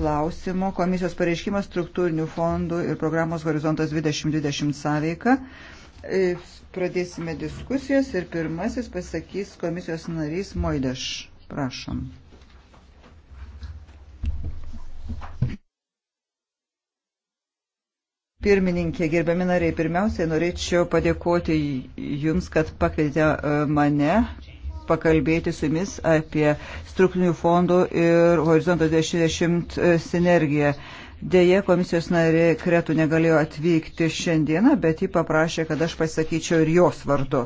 klausimo komisijos pareiškimas struktūrinių fondų ir programos Horizontas 2020 sąveika. E, pradėsime diskusijas ir pirmasis pasakys komisijos narys Moideš. Prašom. Pirmininkė, gerbiami nariai, pirmiausiai norėčiau padėkoti Jums, kad pakvietė e, mane pakalbėti su jumis apie struktūrinių fondų ir horizonto 2020 e, sinergiją. Deja, komisijos narė Kretų negalėjo atvykti šiandieną, bet ji paprašė, kad aš pasakyčiau ir jos vardu.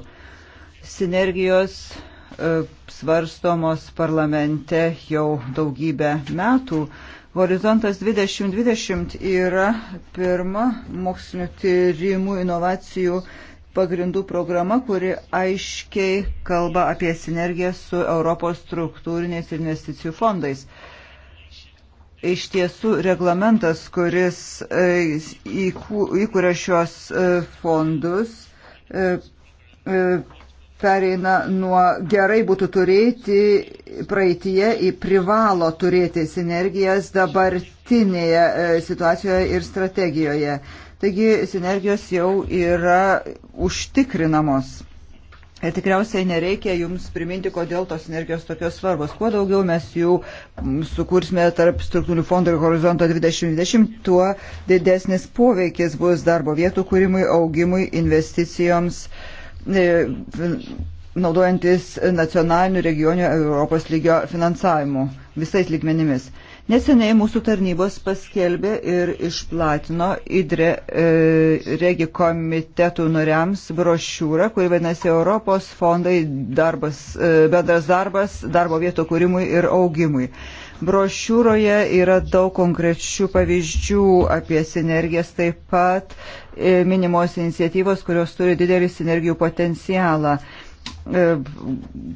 Sinergijos e, svarstomos parlamente jau daugybę metų. Horizontas 2020 yra pirma mokslinio tyrimų inovacijų pagrindų programa, kuri aiškiai kalba apie sinergiją su Europos struktūriniais investicijų fondais. Iš tiesų, reglamentas, kuris e, įkuria šios e, fondus, e, pereina nuo gerai būtų turėti praeitie į privalo turėti sinergijas dabartinėje situacijoje ir strategijoje. Taigi sinergijos jau yra užtikrinamos. Ir tikriausiai nereikia jums priminti, kodėl tos energijos tokios svarbos. Kuo daugiau mes jų mm, sukursime tarp struktūrinių fondų ir horizonto 2020, tuo didesnis poveikis bus darbo vietų kūrimui, augimui, investicijoms e, naudojantis nacionaliniu regioniu Europos lygio finansavimu visais lygmenimis. Neseniai mūsų tarnybos paskelbė ir išplatino IDRE e, regi komitetų noriams brošiūrą, kuri vadinasi Europos fondai darbas, e, bendras darbas darbo vietų kūrimui ir augimui. Brošiūroje yra daug konkrečių pavyzdžių apie sinergijas, taip pat e, minimos iniciatyvos, kurios turi didelį sinergijų potencialą. E,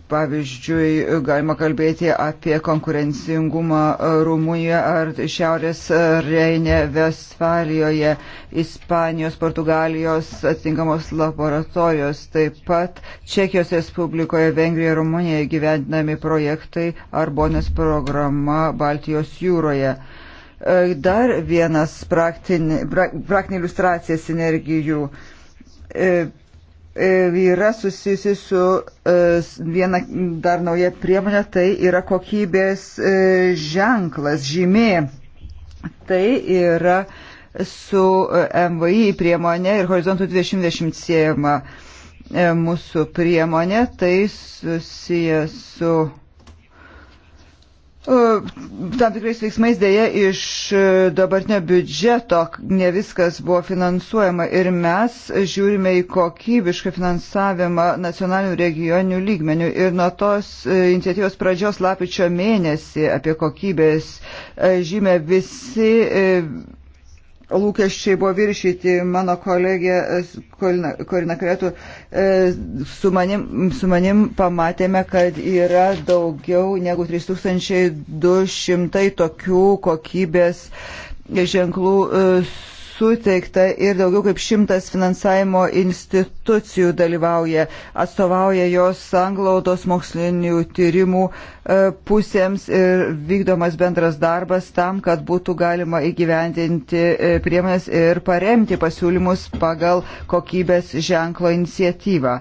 pavyzdžiui, galima kalbėti apie konkurencingumą Rumunijoje ar Šiaurės Reinė Vestfalijoje, Ispanijos, Portugalijos atitinkamos laboratorijos, taip pat Čekijos Respublikoje, Vengrijoje, Rumunijoje gyvendinami projektai ar bonės programa Baltijos jūroje. E, dar vienas praktinė, praktinė iliustracija sinergijų e, E, yra susijusi su e, viena dar nauja priemonė, tai yra kokybės e, ženklas, žymė. Tai yra su MVI priemonė ir horizontų 2020 siejama mūsų priemonė, tai susijęs su Tam tikrais veiksmais dėja iš e, dabartinio biudžeto ne viskas buvo finansuojama ir mes žiūrime į kokybišką finansavimą nacionalinių regioninių lygmenių ir nuo tos e, iniciatyvos pradžios lapičio mėnesį apie kokybės e, žymę visi lūkesčiai buvo viršyti mano kolegė e, Korina Kretų. E, su manim, su manim pamatėme, kad yra daugiau negu 3200 tokių kokybės ženklų e, suteikta ir daugiau kaip šimtas finansavimo institucijų dalyvauja, atstovauja jos sanglaudos mokslinių tyrimų e, pusėms ir vykdomas bendras darbas tam, kad būtų galima įgyvendinti e, priemonės ir paremti pasiūlymus pagal kokybės ženklo iniciatyvą.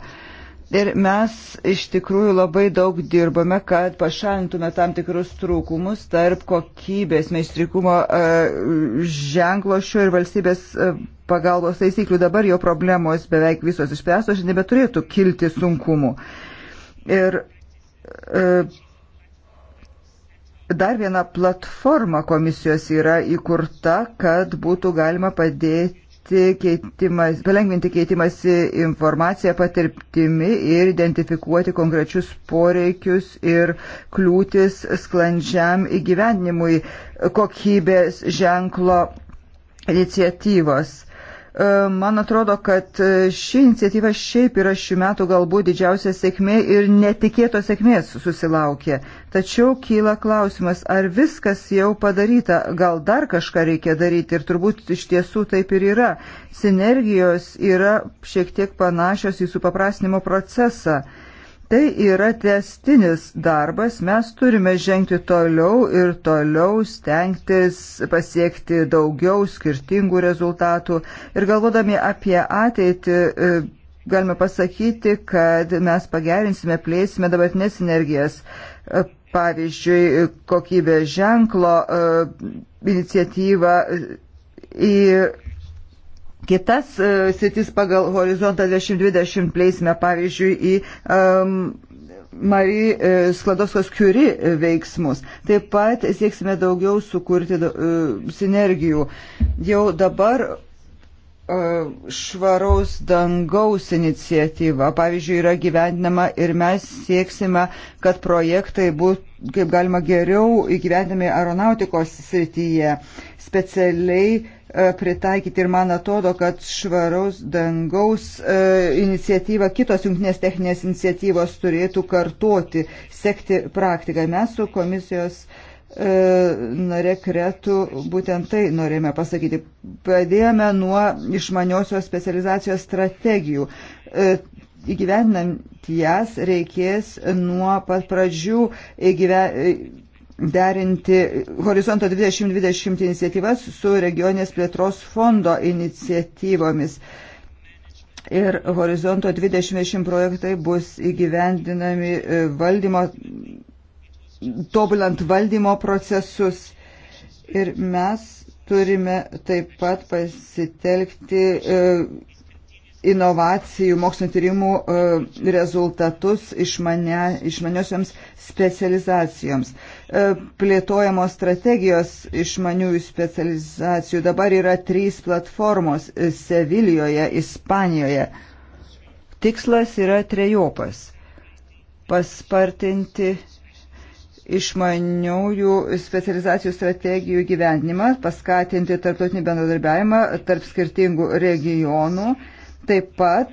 Ir mes iš tikrųjų labai daug dirbame, kad pašalintume tam tikrus trūkumus tarp kokybės meistrikumo e, ženklošio ir valstybės e, pagalbos taisyklių. Dabar jo problemos beveik visos išspręstos, šiandien nebeturėtų kilti sunkumų. Ir e, dar viena platforma komisijos yra įkurta, kad būtų galima padėti keitimas, palengvinti keitimąsi informaciją patirptimi ir identifikuoti konkrečius poreikius ir kliūtis sklandžiam įgyvendinimui kokybės ženklo iniciatyvos. E, man atrodo, kad e, ši iniciatyva šiaip yra šių metų galbūt didžiausia sėkmė ir netikėto sėkmės susilaukė. Tačiau kyla klausimas, ar viskas jau padaryta, gal dar kažką reikia daryti ir turbūt iš tiesų taip ir yra. Sinergijos yra šiek tiek panašios į supaprastinimo procesą. Tai yra testinis darbas, mes turime žengti toliau ir toliau stengtis pasiekti daugiau skirtingų rezultatų. Ir galvodami apie ateitį, e, galime pasakyti, kad mes pagerinsime, plėsime dabartinės energijas. E, pavyzdžiui, kokybės ženklo e, iniciatyva į Kitas uh, e, sitis pagal horizontą 2020 plėsime, pavyzdžiui, į um, Marie uh, e, Skladoskos Kiuri e, veiksmus. Taip pat sieksime daugiau sukurti uh, sinergijų. Jau dabar švaraus dangaus iniciatyva, pavyzdžiui, yra gyvendinama ir mes sieksime, kad projektai būtų kaip galima geriau įgyvendami aeronautikos srityje. Specialiai E, pritaikyti ir man atrodo, kad švaraus dangaus e, iniciatyva, kitos jungtinės techninės iniciatyvos turėtų kartoti, sekti praktiką. Mes su komisijos e, nare kretų būtent tai norėjome pasakyti. Pradėjome nuo išmaniosios specializacijos strategijų įgyvendinant jas reikės nuo pat pradžių įgyve, derinti Horizonto 2020 iniciatyvas su regionės plėtros fondo iniciatyvomis. Ir Horizonto 2020 projektai bus įgyvendinami e, valdymo, tobulant valdymo procesus. Ir mes turime taip pat pasitelkti e, inovacijų, mokslinio tyrimų e, rezultatus išmane, išmaniosioms specializacijoms. E, plėtojamos strategijos išmaniųjų specializacijų dabar yra trys platformos Sevilijoje, Ispanijoje. Tikslas yra trejopas - paspartinti išmaniųjų specializacijų strategijų gyvenimą, paskatinti tarptautinį bendradarbiavimą tarp skirtingų regionų Taip pat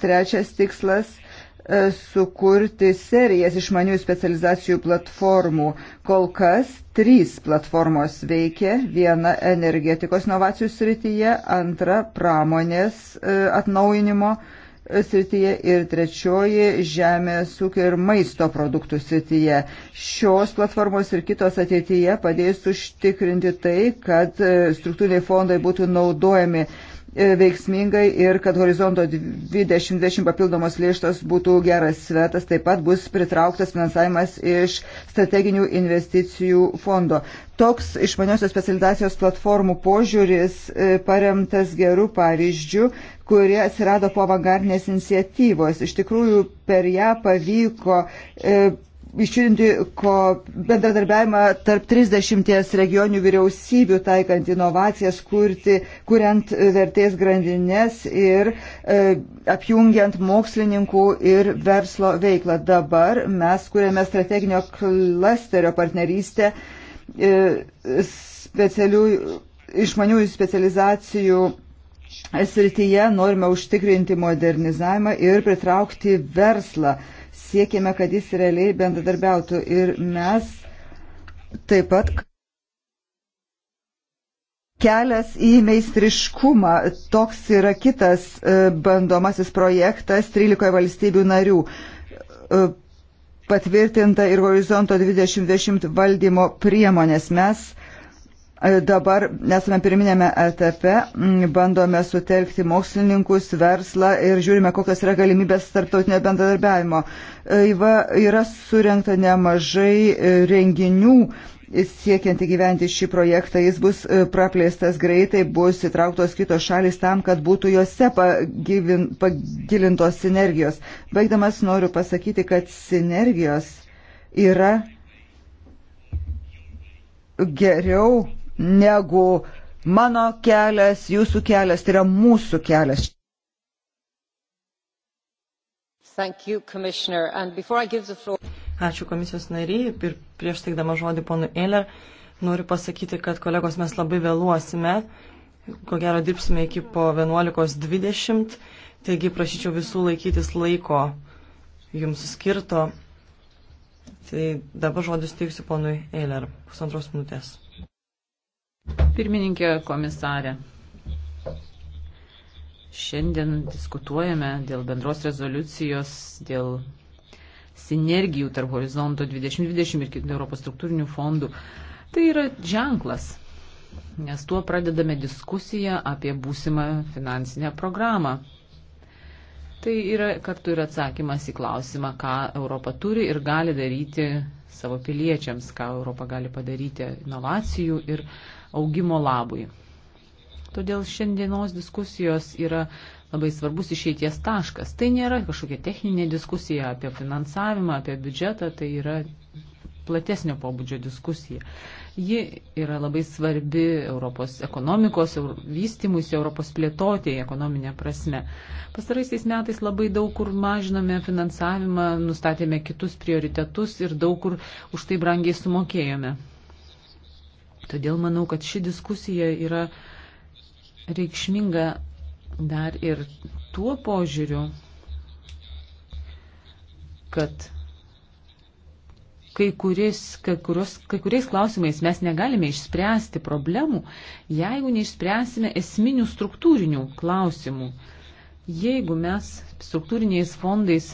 trečias tikslas e, sukurti serijas išmanių specializacijų platformų. Kol kas trys platformos veikia. Viena energetikos inovacijų srityje, antra pramonės e, atnaujinimo e, srityje ir trečioji žemės ūkio ir maisto produktų srityje. Šios platformos ir kitos ateityje padės užtikrinti tai, kad struktūriniai fondai būtų naudojami E, veiksmingai ir kad horizonto 2020 papildomos lėštos būtų geras svetas, taip pat bus pritrauktas finansavimas iš strateginių investicijų fondo. Toks išmaniosios specializacijos platformų požiūris e, paremtas gerų pavyzdžių, kurie atsirado po avangardinės iniciatyvos. Iš tikrųjų, per ją pavyko e, išjudinti bendradarbiavimą tarp 30 regionių vyriausybių, taikant inovacijas, kurti, kuriant vertės grandinės ir e, apjungiant mokslininkų ir verslo veiklą. Dabar mes kuriame strateginio klasterio partnerystę e, specialių išmaniųjų specializacijų srityje norime užtikrinti modernizavimą ir pritraukti verslą siekėme, kad jis realiai bendradarbiautų. Ir mes taip pat kelias į meistriškumą. Toks yra kitas e, bandomasis projektas 13 valstybių narių. E, patvirtinta ir horizonto 2020 valdymo priemonės. Mes E, dabar esame pirminėme etape, bandome sutelkti mokslininkus, verslą ir žiūrime, kokios yra galimybės tarptautinio bendradarbiavimo. E, va, yra surinkta nemažai e, renginių siekiant įgyventi šį projektą. Jis bus praplėstas greitai, bus įtrauktos kitos šalis tam, kad būtų juose pagilintos sinergijos. Baigdamas noriu pasakyti, kad sinergijos yra geriau negu mano kelias, jūsų kelias, tai yra mūsų kelias. You, floor... Ačiū komisijos nariai ir prieš teikdama žodį ponui Eiler noriu pasakyti, kad kolegos mes labai vėluosime, ko gero dirbsime iki po 11.20, taigi prašyčiau visų laikytis laiko jums skirto. Tai dabar žodis teiksiu ponui Eiler, pusantros minutės. Pirmininkė komisarė. Šiandien diskutuojame dėl bendros rezoliucijos, dėl sinergijų tarp horizonto 2020 ir kitų Europos struktūrinių fondų. Tai yra ženklas, nes tuo pradedame diskusiją apie būsimą finansinę programą. Tai yra kartu ir atsakymas į klausimą, ką Europa turi ir gali daryti savo piliečiams, ką Europa gali padaryti inovacijų ir augimo labui. Todėl šiandienos diskusijos yra labai svarbus išeities taškas. Tai nėra kažkokia techninė diskusija apie finansavimą, apie biudžetą, tai yra platesnio pobūdžio diskusija. Ji yra labai svarbi Europos ekonomikos, vystimusi Europos plėtotėje ekonominė prasme. Pastaraisiais metais labai daug kur mažinome finansavimą, nustatėme kitus prioritetus ir daug kur už tai brangiai sumokėjome. Todėl manau, kad ši diskusija yra reikšminga dar ir tuo požiūriu, kad kai, kuris, kai, kurios, kai kuriais klausimais mes negalime išspręsti problemų, jeigu neišspręsime esminių struktūrinių klausimų. Jeigu mes struktūriniais fondais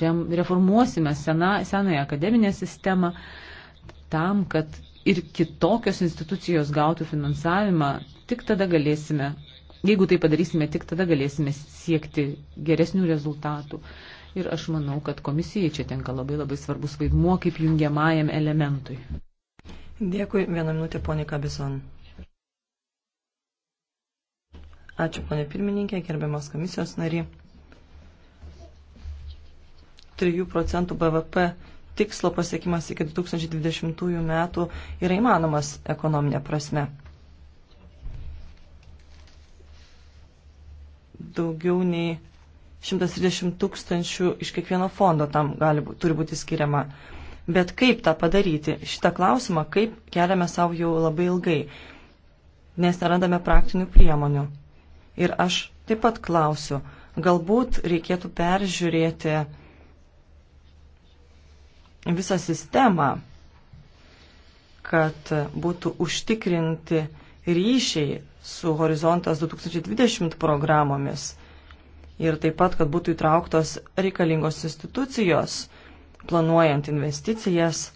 rem, reformuosime sena, senąją akademinę sistemą tam, kad ir kitokios institucijos gautų finansavimą, tik tada galėsime, jeigu tai padarysime, tik tada galėsime siekti geresnių rezultatų. Ir aš manau, kad komisijai čia tenka labai labai svarbus vaidmuo kaip jungiamajam elementui. Dėkui, vieną minutę, ponė Kabison. Ačiū, ponė pirmininkė, gerbiamas komisijos nari. 3 procentų BVP tikslo pasiekimas iki 2020 metų yra įmanomas ekonominė prasme. Daugiau nei 130 tūkstančių iš kiekvieno fondo tam gali, turi būti skiriama. Bet kaip tą padaryti? Šitą klausimą kaip keliame savo jau labai ilgai, nes nerandame praktinių priemonių. Ir aš taip pat klausiu, galbūt reikėtų peržiūrėti visą sistemą, kad būtų užtikrinti ryšiai su Horizontas 2020 programomis ir taip pat, kad būtų įtrauktos reikalingos institucijos, planuojant investicijas.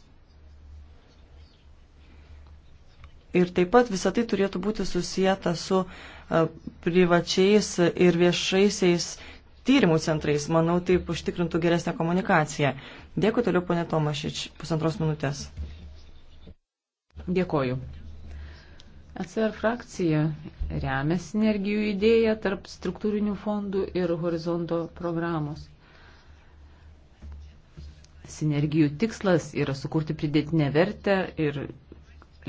Ir taip pat visą tai turėtų būti susijęta su e, privačiais ir viešaisiais tyrimų centrais. Manau, taip užtikrintų geresnę komunikaciją. Dėkui toliau, ponė Tomašič, pusantros minutės. Dėkoju. ECR frakcija remia sinergijų idėją tarp struktūrinių fondų ir horizonto programos. Sinergijų tikslas yra sukurti pridėtinę vertę ir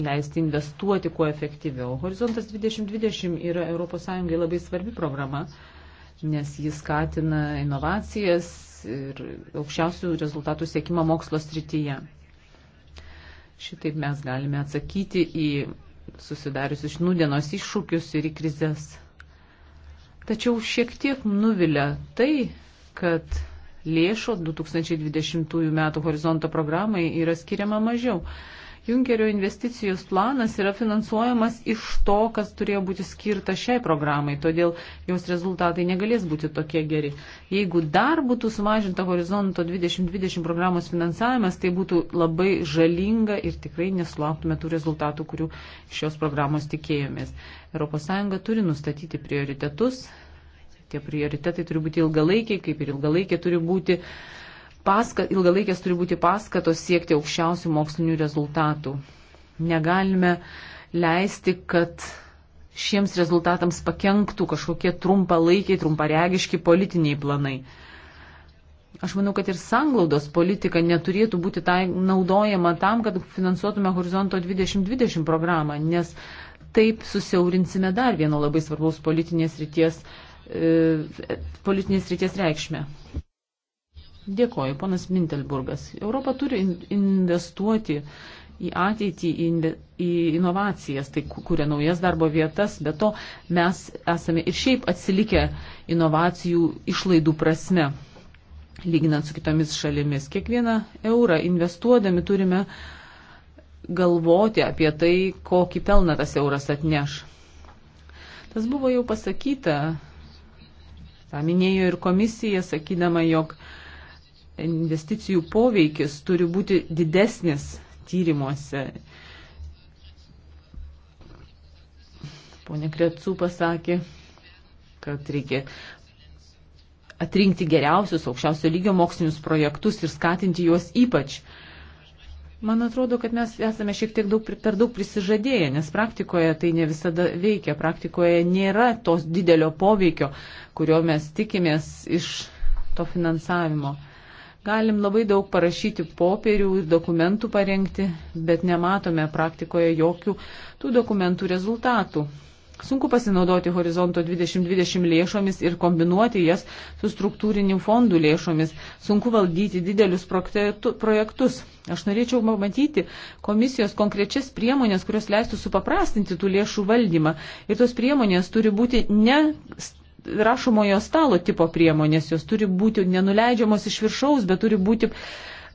leisti investuoti kuo efektyviau. Horizontas 2020 yra ES labai svarbi programa, nes jis skatina inovacijas ir aukščiausių rezultatų siekimą mokslo srityje. Šitaip mes galime atsakyti į susidariusius iš nudienos iššūkius ir į krizės. Tačiau šiek tiek nuvilia tai, kad lėšų 2020 m. horizonto programai yra skiriama mažiau. Junkerio investicijos planas yra finansuojamas iš to, kas turėjo būti skirta šiai programai, todėl jos rezultatai negalės būti tokie geri. Jeigu dar būtų sumažinta horizonto 2020 programos finansavimas, tai būtų labai žalinga ir tikrai nesulauktume tų rezultatų, kurių šios programos tikėjomės. ES turi nustatyti prioritetus, tie prioritetai turi būti ilgalaikiai, kaip ir ilgalaikiai turi būti uh, paska, ilgalaikės turi būti paskatos siekti aukščiausių mokslinių rezultatų. Negalime leisti, kad šiems rezultatams pakenktų kažkokie trumpalaikiai, trumparegiški politiniai planai. Aš manau, kad ir sanglaudos politika neturėtų būti tai naudojama tam, kad finansuotume Horizonto 2020 programą, nes taip susiaurinsime dar vieno labai svarbaus politinės ryties, e, politinės ryties reikšmę. Dėkoju, ponas Mintelburgas. Europa turi investuoti į ateitį, į, į inovacijas, tai kuria naujas darbo vietas, bet to mes esame ir šiaip atsilikę inovacijų išlaidų prasme, lyginant su kitomis šalimis. Kiekvieną eurą investuodami turime galvoti apie tai, kokį pelną tas euras atneš. Tas buvo jau pasakyta, tą minėjo ir komisija, sakydama, jog uh, investicijų poveikis turi būti didesnis tyrimuose. Pone Krecu pasakė, kad reikia atrinkti geriausius aukščiausio lygio mokslinius projektus ir skatinti juos ypač. Man atrodo, kad mes esame šiek tiek daug, per daug prisižadėję, nes praktikoje tai ne visada veikia, praktikoje nėra tos didelio poveikio, kurio mes tikimės iš to finansavimo. Galim labai daug parašyti popierių ir dokumentų parengti, bet nematome praktikoje jokių tų dokumentų rezultatų. Sunku pasinaudoti horizonto 2020 lėšomis ir kombinuoti jas su struktūrinių fondų lėšomis. Sunku valdyti didelius projektus. Aš norėčiau matyti komisijos konkrečias priemonės, kurios leistų supaprastinti tų lėšų valdymą. Ir tos priemonės turi būti ne rašomojo stalo tipo priemonės, jos turi būti nenuleidžiamos iš viršaus, bet turi būti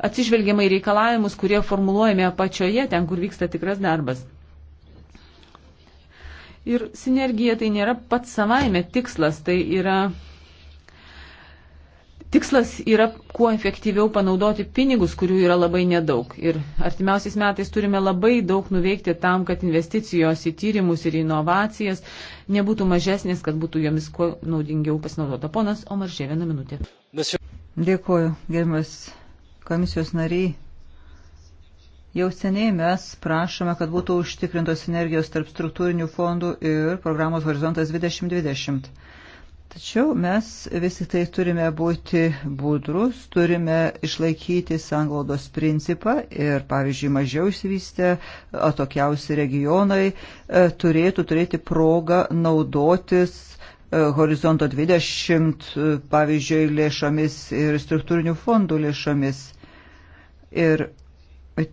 atsižvelgiamai reikalavimus, kurie formuluojami apačioje, ten, kur vyksta tikras darbas. Ir sinergija tai nėra pats savaime tikslas, tai yra Tikslas yra kuo efektyviau panaudoti pinigus, kurių yra labai nedaug. Ir artimiausiais metais turime labai daug nuveikti tam, kad investicijos į tyrimus ir inovacijas nebūtų mažesnės, kad būtų jomis kuo naudingiau pasinaudota. Ponas Omaržė, vieną minutę. Dėkuoju, gerbiamas komisijos nariai. Jau seniai mes prašome, kad būtų užtikrintos sinergijos tarp struktūrinių fondų ir programos Horizontas 2020. Tačiau mes vis tik tai turime būti budrus, turime išlaikyti sanglaudos principą ir, pavyzdžiui, mažiau įsivystę atokiausi regionai e, turėtų turėti progą naudotis e, horizonto 20, e, pavyzdžiui, lėšomis ir struktūrinių fondų lėšomis. Ir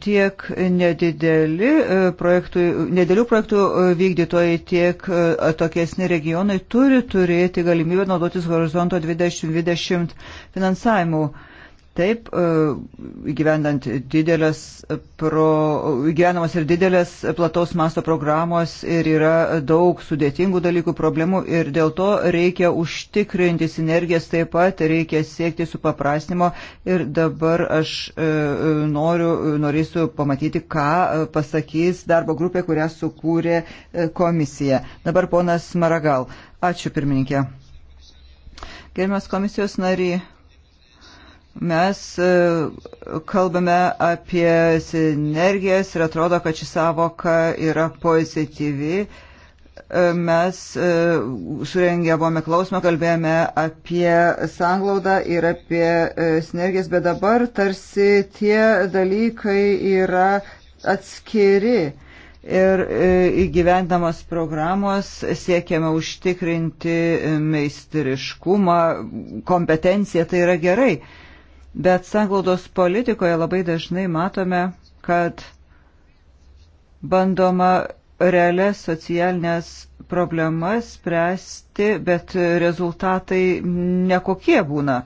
tiek nedideli e, projektų, nedidelių projektų e, vykdytojai, tiek e, atokesni regionai turi turėti galimybę naudotis horizonto 2020 finansavimu. Taip, e, įgyvendant didelės, pro, įgyvenamos ir didelės plataus masto programos ir yra daug sudėtingų dalykų, problemų ir dėl to reikia užtikrinti sinergijas taip pat, reikia siekti supaprasnimo ir dabar aš e, noriu, norėsiu pamatyti, ką e, pasakys darbo grupė, kurią sukūrė komisija. Dabar ponas Maragal. Ačiū pirmininkė. Gerbiamas komisijos nariai mes e, kalbame apie sinergijas ir atrodo, kad ši savoka yra pozityvi. E, mes e, surengę buvome klausimą, kalbėjome apie sanglaudą ir apie sinergijas, bet dabar tarsi tie dalykai yra atskiri. Ir įgyvendamos programos siekiame užtikrinti meistriškumą, kompetenciją, tai yra gerai Bet sanglaudos politikoje labai dažnai matome, kad bandoma realias socialinės problemas spręsti, bet rezultatai nekokie būna.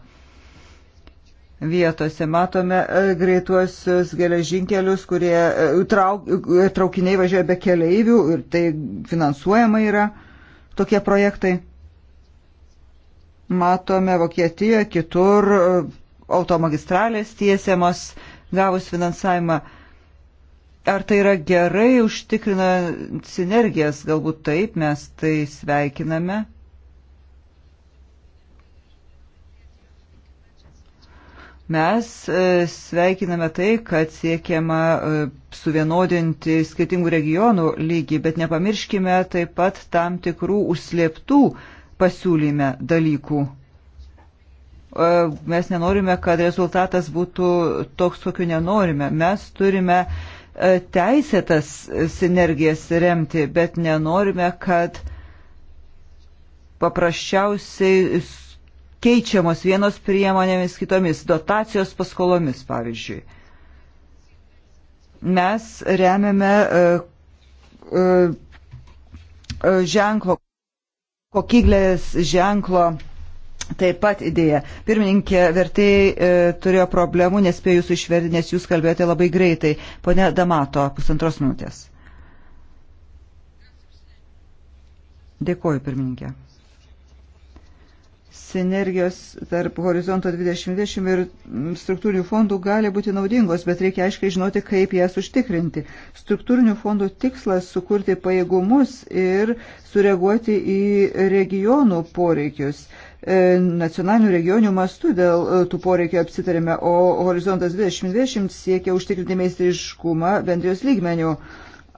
Vietose matome e, greituosius geležinkelius, kurie e, trauk, e, traukiniai važiuoja be keleivių ir tai finansuojama yra tokie projektai. Matome Vokietijoje, kitur automagistralės tiesiamos gavus finansavimą. Ar tai yra gerai užtikrina sinergijas? Galbūt taip, mes tai sveikiname. Mes e, sveikiname tai, kad siekiama e, suvienodinti skirtingų regionų lygį, bet nepamirškime taip pat tam tikrų užslėptų pasiūlyme dalykų. E, mes nenorime, kad rezultatas būtų toks, kokiu nenorime. Mes turime e, teisėtas sinergijas remti, bet nenorime, kad paprasčiausiai keičiamos vienos priemonėmis kitomis, dotacijos paskolomis, pavyzdžiui. Mes remiame e, ženklo, kokyglės ženklo Taip pat idėja. Pirmininkė, vertėjai e, turėjo problemų, nespėjo jūsų išverti, nes jūs kalbėjote labai greitai. Pone Damato, pusantros minutės. Dėkoju, pirmininkė. Sinergijos tarp horizonto 2020 ir struktūrinių fondų gali būti naudingos, bet reikia aiškiai žinoti, kaip jas užtikrinti. Struktūrinių fondų tikslas - sukurti pajėgumus ir sureaguoti į regionų poreikius. E, nacionalinių regionių mastų dėl e, tų poreikio apsitarėme, o horizontas 2020 siekia užtikrinti meistriškumą bendrijos lygmenių.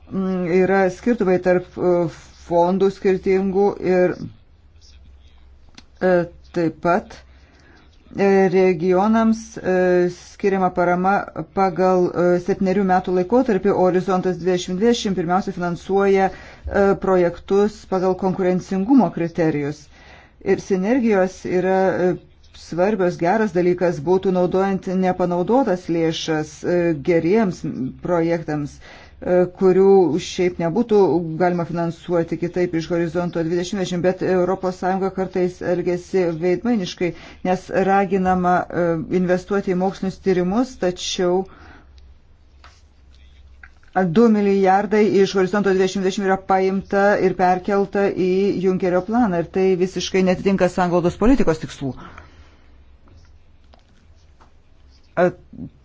Mm, yra skirtumai tarp e, fondų skirtingų ir taip pat regionams skiriama parama pagal septynerių metų laikotarpį, o horizontas 2020 pirmiausia finansuoja projektus pagal konkurencingumo kriterijus ir sinergijos yra e, svarbios geras dalykas būtų naudojant nepanaudotas lėšas e, geriems projektams e, kurių šiaip nebūtų galima finansuoti kitaip iš horizonto 2020, bet ES kartais elgesi veidmainiškai, nes raginama investuoti į mokslinius tyrimus, tačiau uh, 2 milijardai iš horizonto 2020 yra paimta ir perkelta į Junkerio planą ir tai visiškai netitinka sanglaudos politikos tikslų.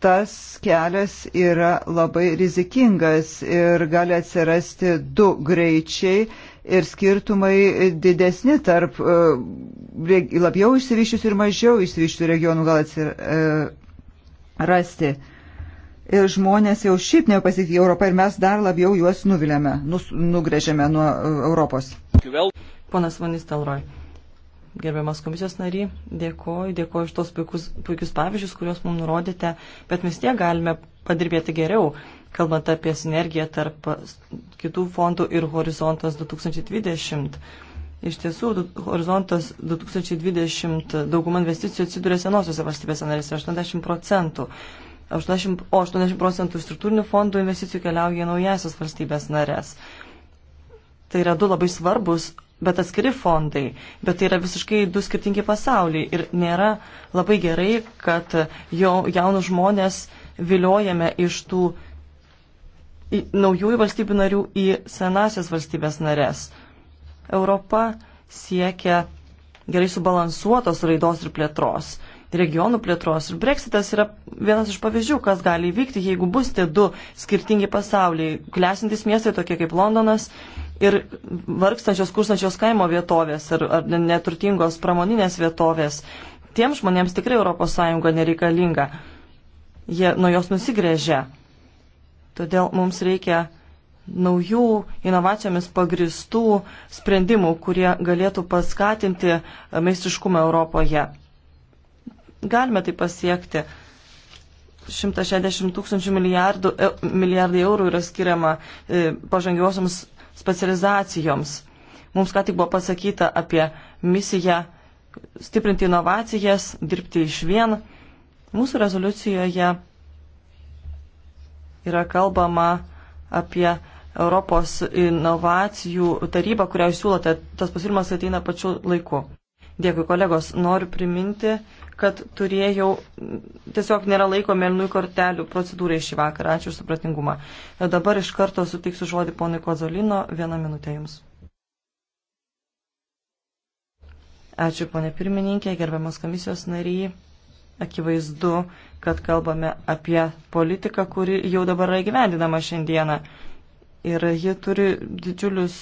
Tas kelias yra labai rizikingas ir gali atsirasti du greičiai ir skirtumai didesni tarp e, labiau išsivyščiusių ir mažiau išsivyščiusių regionų gal atsirasti. E, ir žmonės jau šiaip nepasitikė Europą ir mes dar labiau juos nuviliame, nus, nugrėžėme nuo e, Europos. Ponas Vanis Talroj, gerbiamas komisijos nary, dėkoju, dėkoju iš tos puikus, puikius pavyzdžius, kuriuos mums nurodėte, bet mes tiek galime padirbėti geriau, kalbant apie sinergiją tarp kitų fondų ir horizontas 2020. Iš tiesų, horizontas 2020 dauguma investicijų atsiduria senosiuose valstybėse narėse 80 procentų. 80, o 80 procentų struktūrinių fondų investicijų keliauja į naujasias valstybės narės. Tai yra du labai svarbus, bet atskiri fondai, bet tai yra visiškai du skirtingi pasauliai ir nėra labai gerai, kad jo jaunus žmonės viliojame iš tų naujųjų valstybių narių į senasias valstybės narės. Europa siekia gerai subalansuotos raidos ir plėtros regionų plėtros. Ir breksitas yra vienas iš pavyzdžių, kas gali įvykti, jeigu bus tie du skirtingi pasauliai - klesintis miestai tokie kaip Londonas ir vargstančios, kurstančios kaimo vietovės ar, ar neturtingos pramoninės vietovės. Tiem žmonėms tikrai ES nereikalinga. Jie nuo jos nusigrėžia. Todėl mums reikia naujų inovacijomis pagristų sprendimų, kurie galėtų paskatinti meistriškumą Europoje galime tai pasiekti. 160 tūkstančių milijardų, milijardai eurų yra skiriama e, pažangiausiams specializacijoms. Mums ką tik buvo pasakyta apie misiją stiprinti inovacijas, dirbti iš vien. Mūsų rezoliucijoje yra kalbama apie Europos inovacijų tarybą, kurią jūs siūlote. Tas pasiūlymas ateina pačiu laiku. Dėkui, kolegos. Noriu priminti, kad turėjau, tiesiog nėra laiko mėlynų kortelių procedūrai šį vakarą. Ačiū už supratingumą. Dabar iš karto sutiksiu žodį ponui Kozolino. Vieną minutę jums. Ačiū, ponė pirmininkė, gerbiamas komisijos nariai. Akivaizdu, kad kalbame apie politiką, kuri jau dabar yra gyvendinama šiandieną. Ir ji turi didžiulius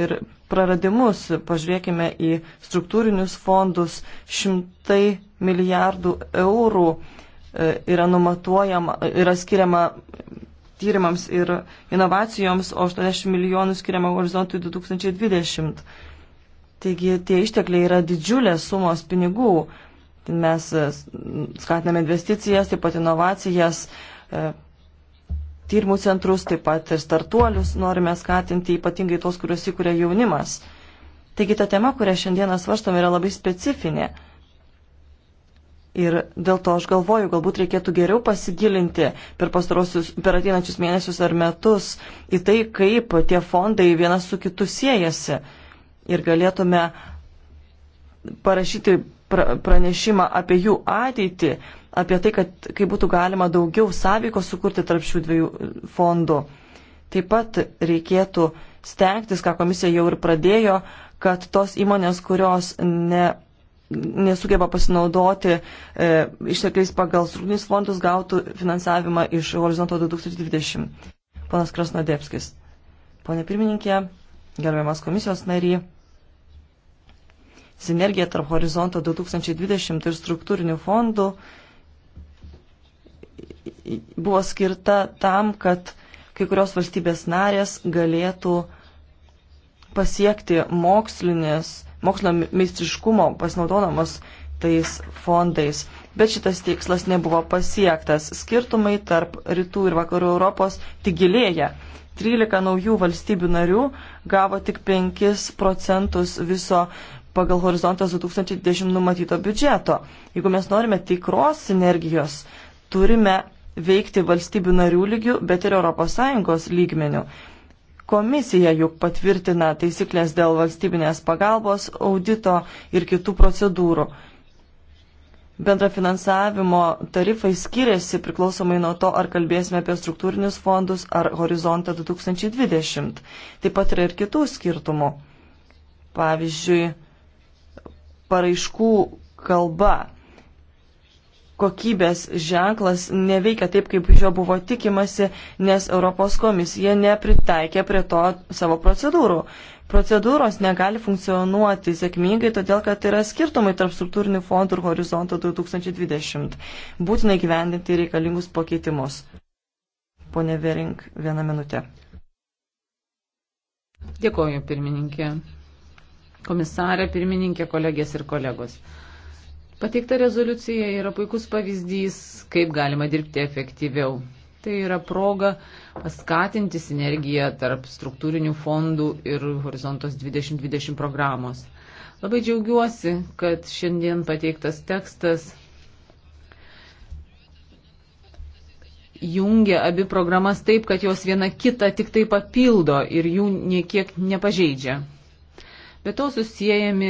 ir praradimus. Pažvelkime į struktūrinius fondus. Šimtai milijardų eurų e, yra numatuojama, yra skiriama tyrimams ir inovacijoms, o 80 milijonų skiriama horizontui 2020. Taigi tie ištekliai yra didžiulės sumos pinigų. Mes e, skatiname investicijas, taip pat inovacijas, e, tyrimų centrus, taip pat ir startuolius norime skatinti, ypatingai tos, kuriuos įkuria jaunimas. Taigi ta tema, kurią šiandieną svarstome, yra labai specifinė. Ir dėl to aš galvoju, galbūt reikėtų geriau pasigilinti per, per ateinančius mėnesius ar metus į tai, kaip tie fondai vienas su kitu siejasi. Ir galėtume parašyti pra, pranešimą apie jų ateitį, apie tai, kad kaip būtų galima daugiau sąveikos sukurti tarp šių dviejų fondų. Taip pat reikėtų stengtis, ką komisija jau ir pradėjo, kad tos įmonės, kurios ne nesugeba pasinaudoti e, ištekliais pagal struktūrinius fondus, gautų finansavimą iš Horizonto 2020. Ponas Krasnodėpskis. Pone pirmininkė, gerbiamas komisijos nariai. Sinergija tarp Horizonto 2020 ir struktūrinių fondų buvo skirta tam, kad kai kurios valstybės narės galėtų pasiekti mokslinės mokslo meistriškumo pasinaudodamos tais fondais. Bet šitas tikslas nebuvo pasiektas. Skirtumai tarp rytų ir vakarų Europos tik gilėja. 13 naujų valstybių narių gavo tik 5 procentus viso pagal horizontas 2010 numatyto biudžeto. Jeigu mes norime tikros sinergijos, turime veikti valstybių narių lygių, bet ir ES lygmenių. Komisija juk patvirtina taisyklės dėl valstybinės pagalbos, audito ir kitų procedūrų. Bendrafinansavimo tarifai skiriasi priklausomai nuo to, ar kalbėsime apie struktūrinius fondus ar horizontą 2020. Taip pat yra ir kitų skirtumų. Pavyzdžiui, paraiškų kalba kokybės ženklas neveikia taip, kaip iš jo buvo tikimasi, nes Europos komisija nepritaikė prie to savo procedūrų. Procedūros negali funkcionuoti sėkmingai, todėl kad yra skirtumai tarp struktūrinių fondų ir horizonto 2020. Būtina gyvendinti reikalingus pakeitimus. Pone Vering, vieną minutę. Dėkoju, pirmininkė. Komisarė, pirmininkė, kolegės ir kolegos. Pateikta rezoliucija yra puikus pavyzdys, kaip galima dirbti efektyviau. Tai yra proga paskatinti sinergiją tarp struktūrinių fondų ir Horizontos 2020 programos. Labai džiaugiuosi, kad šiandien pateiktas tekstas jungia abi programas taip, kad jos viena kitą tik tai papildo ir jų niekiek nepažeidžia. Be to susijęjami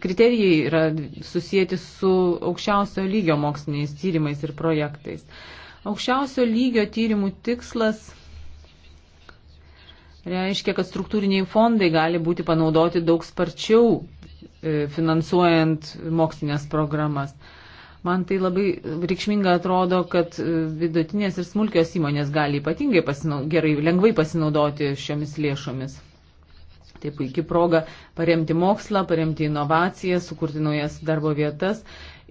kriterijai yra susijęti su aukščiausio lygio moksliniais tyrimais ir projektais. Aukščiausio lygio tyrimų tikslas reiškia, kad struktūriniai fondai gali būti panaudoti daug sparčiau e, finansuojant mokslinės programas. Man tai labai reikšminga atrodo, kad e, vidutinės ir smulkios įmonės gali ypatingai pasinau, gerai, lengvai pasinaudoti šiomis lėšomis. Tai puikia proga paremti mokslą, paremti inovacijas, sukurti naujas darbo vietas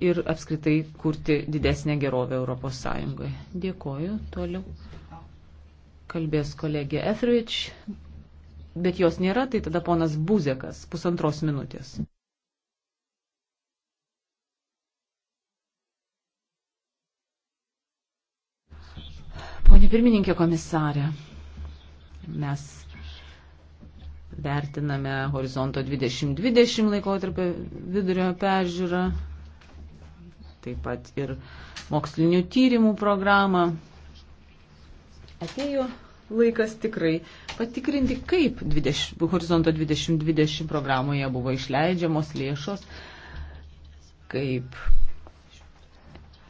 ir apskritai kurti didesnę gerovę Europos Sąjungoje. Dėkoju. Toliau kalbės kolegė Etheridge, bet jos nėra, tai tada ponas Buzekas, pusantros minutės. Pone pirmininkė komisarė, mes vertiname horizonto 2020 laikotarpio vidurio peržiūrą, taip pat ir mokslinių tyrimų programą. Atėjo laikas tikrai patikrinti, kaip 20, horizonto 2020 programoje buvo išleidžiamos lėšos, kaip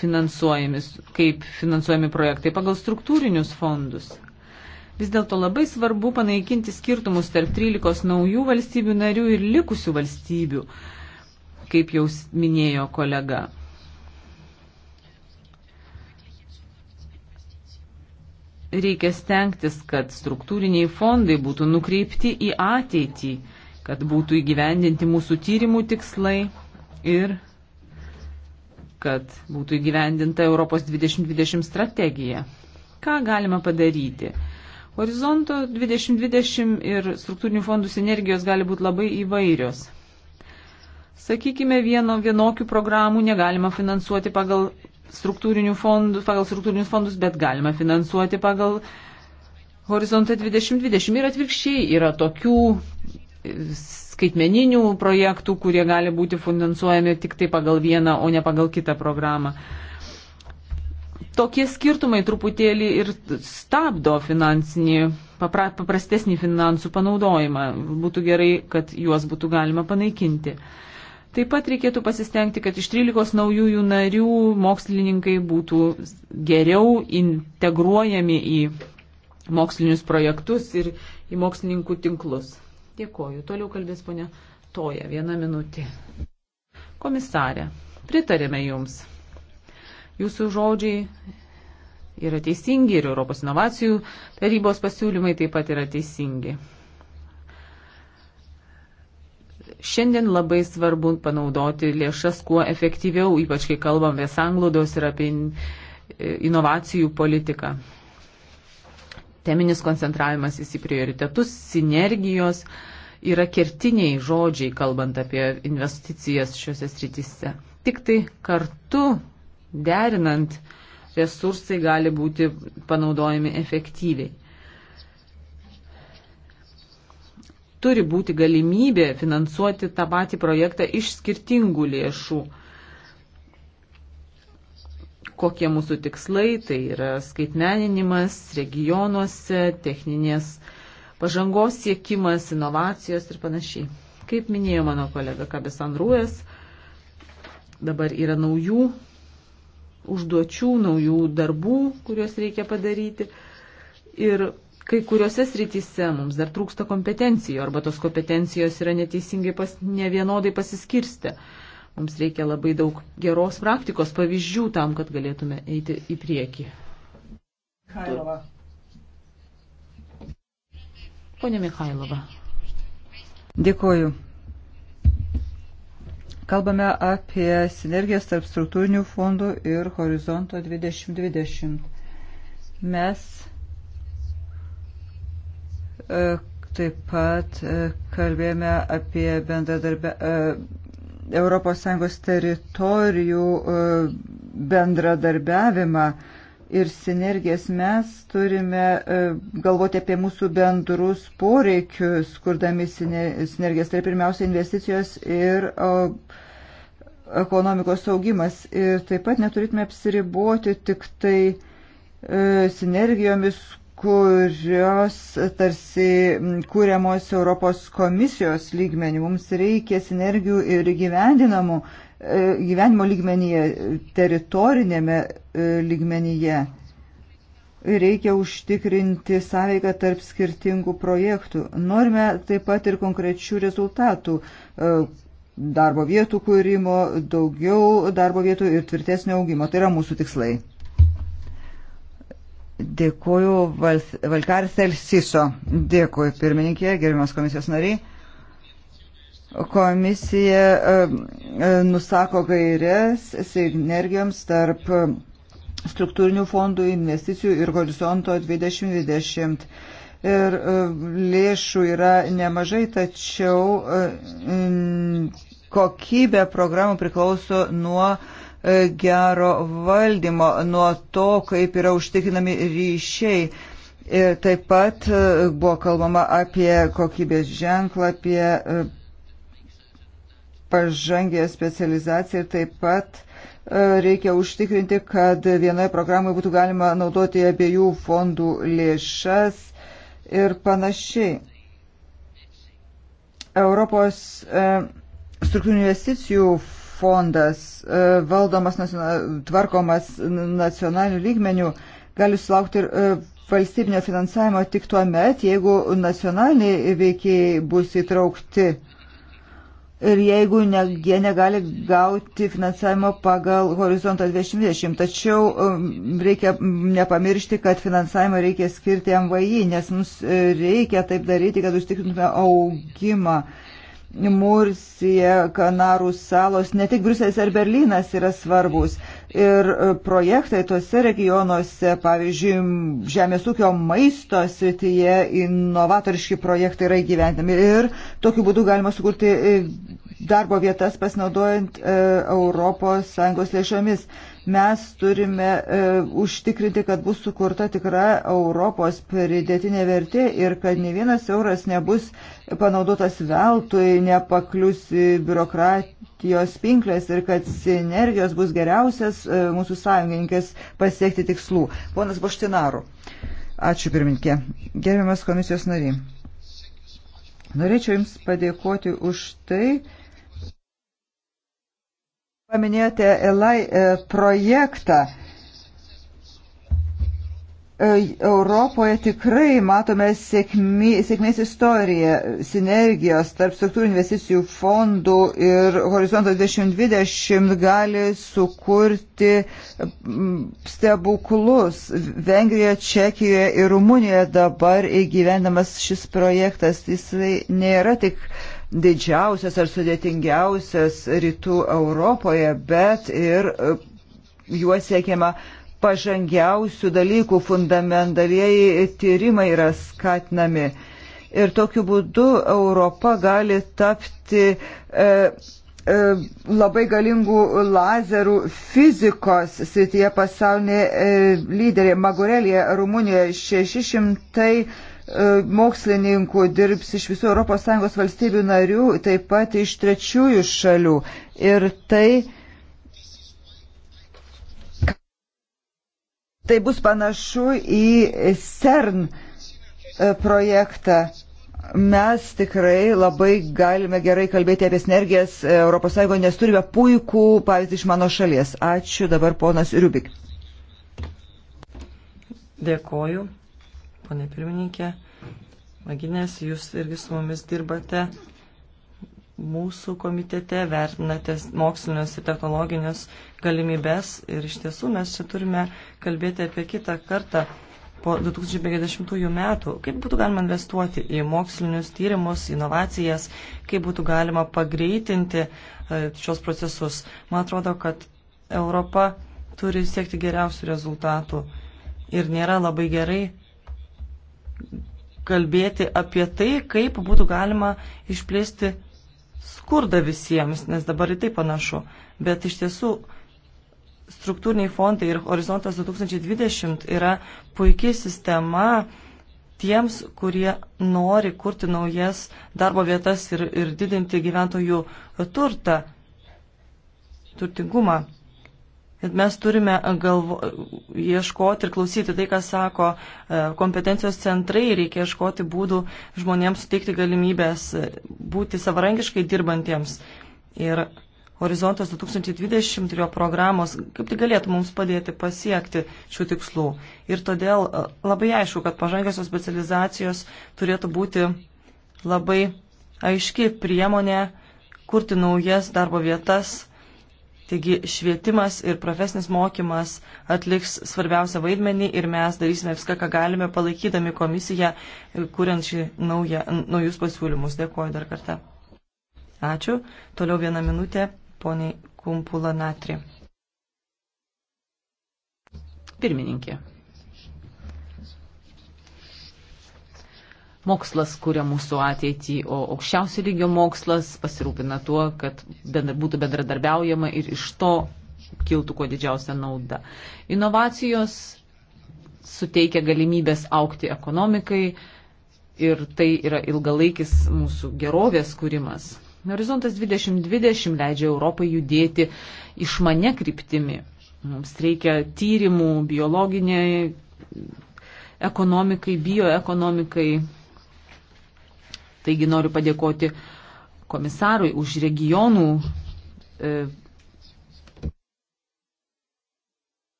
finansuojami, kaip finansuojami projektai pagal struktūrinius fondus. Vis dėlto labai svarbu panaikinti skirtumus tarp 13 naujų valstybių narių ir likusių valstybių, kaip jau minėjo kolega. Reikia stengtis, kad struktūriniai fondai būtų nukreipti į ateitį, kad būtų įgyvendinti mūsų tyrimų tikslai ir kad būtų įgyvendinta Europos 2020 strategija. Ką galima padaryti? Horizonto 2020 ir struktūrinių fondų sinergijos gali būti labai įvairios. Sakykime, vieno, vienokių programų negalima finansuoti pagal, struktūrinių fondų, pagal struktūrinius fondus, bet galima finansuoti pagal Horizontą 2020 ir atvirkščiai yra tokių e, skaitmeninių projektų, kurie gali būti finansuojami tik tai pagal vieną, o ne pagal kitą programą tokie skirtumai truputėlį ir stabdo finansinį, papra, paprastesnį finansų panaudojimą. Būtų gerai, kad juos būtų galima panaikinti. Taip pat reikėtų pasistengti, kad iš 13 naujųjų narių mokslininkai būtų geriau integruojami į mokslinius projektus ir į mokslininkų tinklus. Dėkoju. Toliau kalbės ponia Toja. Viena minutė. Komisarė, pritarėme Jums. Jūsų žodžiai yra teisingi ir Europos inovacijų tarybos pasiūlymai taip pat yra teisingi. Šiandien labai svarbu panaudoti lėšas kuo efektyviau, ypač kai kalbam apie sanglaudos ir apie e, inovacijų politiką. Teminis koncentravimas į prioritetus, sinergijos yra kertiniai žodžiai, kalbant apie investicijas šiuose srityse. Tik tai kartu derinant resursai gali būti panaudojami efektyviai. Turi būti galimybė finansuoti tą patį projektą iš skirtingų lėšų. Kokie mūsų tikslai, tai yra skaitmeninimas regionuose, techninės pažangos siekimas, inovacijos ir panašiai. Kaip minėjo mano kolega Kabesan Ruės, dabar yra naujų užduočių, naujų darbų, kuriuos reikia padaryti. Ir kai kuriuose srityse mums dar trūksta kompetencijų arba tos kompetencijos yra neteisingai pas, nevienodai pasiskirsti. Mums reikia labai daug geros praktikos pavyzdžių tam, kad galėtume eiti į priekį. Mihailova. Pone Mihailova. Dėkoju. Kalbame apie sinergijas tarp struktūrinių fondų ir horizonto 2020. Mes e, taip pat e, kalbėjome apie bendradarbę ES teritorijų e, bendradarbiavimą ir sinergijas mes turime e, galvoti apie mūsų bendrus poreikius, kurdami sinergijas. Tai pirmiausia investicijos ir ekonomikos augimas. Ir taip pat neturėtume apsiriboti tik tai e, sinergijomis, kurios tarsi kūriamos Europos komisijos lygmenių. Mums reikia sinergijų ir gyvendinamų e, gyvenimo lygmenyje, teritorinėme e, lygmenyje. Reikia užtikrinti sąveiką tarp skirtingų projektų. Norime taip pat ir konkrečių rezultatų e, darbo vietų kūrimo, daugiau darbo vietų ir tvirtesnio augimo. Tai yra mūsų tikslai. Dėkuoju Valkaris Elsiso. Dėkuoju pirmininkė, gerbiamas komisijos nariai. Komisija e, e, nusako gairias sinergijoms tarp struktūrinių fondų investicijų ir horizonto 2020. Ir e, lėšų yra nemažai, tačiau kokybė programų priklauso nuo uh, gero valdymo, nuo to, kaip yra užtikrinami ryšiai. Ir taip pat e, buvo kalbama apie kokybės ženklą, apie e, pažangę specializaciją ir taip pat e, reikia užtikrinti, kad vienoje programoje būtų galima naudoti abiejų fondų lėšas ir panašiai. Europos struktūrinių investicijų fondas, e, valdomas, tvarkomas nacionaliniu lygmeniu, gali sulaukti ir e, valstybinio finansavimo tik tuo met, jeigu nacionaliniai veikiai bus įtraukti. Ir jeigu ne, jie negali gauti finansavimo pagal horizontą 2020, tačiau reikia nepamiršti, kad finansavimą reikia skirti MVI, nes mums e, reikia taip daryti, kad užtikrintume augimą. Uh, Mursija, Kanarų salos, ne tik Bruselis ar Berlynas yra svarbus. Ir e, projektai tose regionuose, pavyzdžiui, žemės ūkio maisto srityje inovatoriški projektai yra įgyvendami. Ir tokiu būdu galima sukurti e, darbo vietas pasinaudojant ES lėšomis. Mes turime e, užtikrinti, kad bus sukurta tikra Europos pridėtinė vertė ir kad ne vienas euras nebus panaudotas veltui, nepaklius į biurokratijos pinklės ir kad sinergijos bus geriausias e, mūsų sąjungininkės pasiekti tikslų. Ponas Boštinaru. Ačiū pirminkė. Gerbiamas komisijos nariai. Norėčiau Jums padėkoti už tai, Paminėjote ELAI e, projektą. E, Europoje tikrai matome sėkmį, sėkmės istoriją, sinergijos tarp struktūrų investicijų fondų ir Horizontas 2020 gali sukurti stebuklus. Vengrijoje, Čekijoje ir Rumunijoje dabar įgyvendamas šis projektas, jisai nėra tik uh, didžiausias ar sudėtingiausias rytų Europoje, bet ir e, juo siekiama pažangiausių dalykų, fundamentalieji tyrimai yra skatinami. Ir tokiu būdu Europa gali tapti e, e, labai galingų lazerų fizikos srityje pasaulyje e, lyderė. Magurelėje, Rumunijoje 600 E, mokslininkų dirbs iš visų ES valstybių narių, taip pat iš trečiųjų šalių. Ir tai, tai bus panašu į CERN e, projektą. Mes tikrai labai galime gerai kalbėti apie sinergijas e, ES, nes turime puikų pavyzdį iš mano šalies. Ačiū dabar ponas Rubik. Dėkoju ponė pirmininkė. Maginės, jūs irgi su mumis dirbate mūsų komitete, vertinate mokslinius ir technologinius galimybės ir iš tiesų mes čia turime kalbėti apie kitą kartą po 2050 metų, kaip būtų galima investuoti į mokslinius tyrimus, inovacijas, kaip būtų galima pagreitinti e, šios procesus. Man atrodo, kad Europa turi siekti geriausių rezultatų ir nėra labai gerai, kalbėti apie tai, kaip būtų galima išplėsti skurdą visiems, nes dabar į tai panašu. Bet iš tiesų struktūriniai fondai ir Horizontas 2020 yra puikiai sistema tiems, kurie nori kurti naujas darbo vietas ir, ir didinti gyventojų turtą, turtingumą. Mes turime e, galvo, ieškoti ir klausyti tai, ką sako e, kompetencijos centrai, reikia ieškoti būdų žmonėms suteikti galimybės e, būti savarankiškai dirbantiems. Ir Horizontas 2020 ir jo programos kaip tik galėtų mums padėti pasiekti šių tikslų. Ir todėl labai aišku, kad pažangiosios specializacijos turėtų būti labai aiški priemonė kurti naujas darbo vietas Taigi švietimas ir profesinis mokymas atliks svarbiausią vaidmenį ir mes darysime viską, ką galime, palaikydami komisiją, kuriant šį naują, naujus pasiūlymus. Dėkuoju dar kartą. Ačiū. Toliau vieną minutę, poniai Kumpula Natri. Pirmininkė. mokslas kuria mūsų ateitį, o aukščiausio lygio mokslas pasirūpina tuo, kad bendra, būtų bendradarbiaujama ir iš to kiltų kuo didžiausia nauda. Inovacijos suteikia galimybės aukti ekonomikai ir tai yra ilgalaikis mūsų gerovės kūrimas. Horizontas 2020 leidžia Europai judėti išmane kryptimi. Mums reikia tyrimų biologiniai, ekonomikai, bioekonomikai, Taigi noriu padėkoti komisarui už regionų e,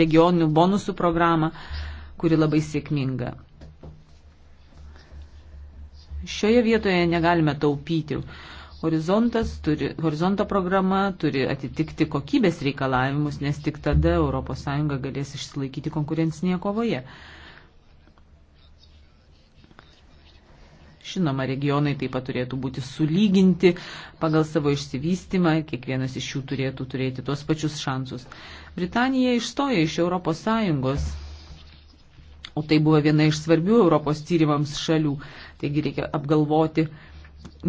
regioninių bonusų programą, kuri labai sėkminga. Šioje vietoje negalime taupyti. Horizontas turi, horizonto programa turi atitikti kokybės reikalavimus, nes tik tada ES galės išsilaikyti konkurencinėje kovoje. Žinoma, regionai taip pat turėtų būti sulyginti pagal savo išsivystimą, kiekvienas iš jų turėtų turėti tuos pačius šansus. Britanija išstoja iš ES, o tai buvo viena iš svarbių Europos tyrimams šalių, taigi reikia apgalvoti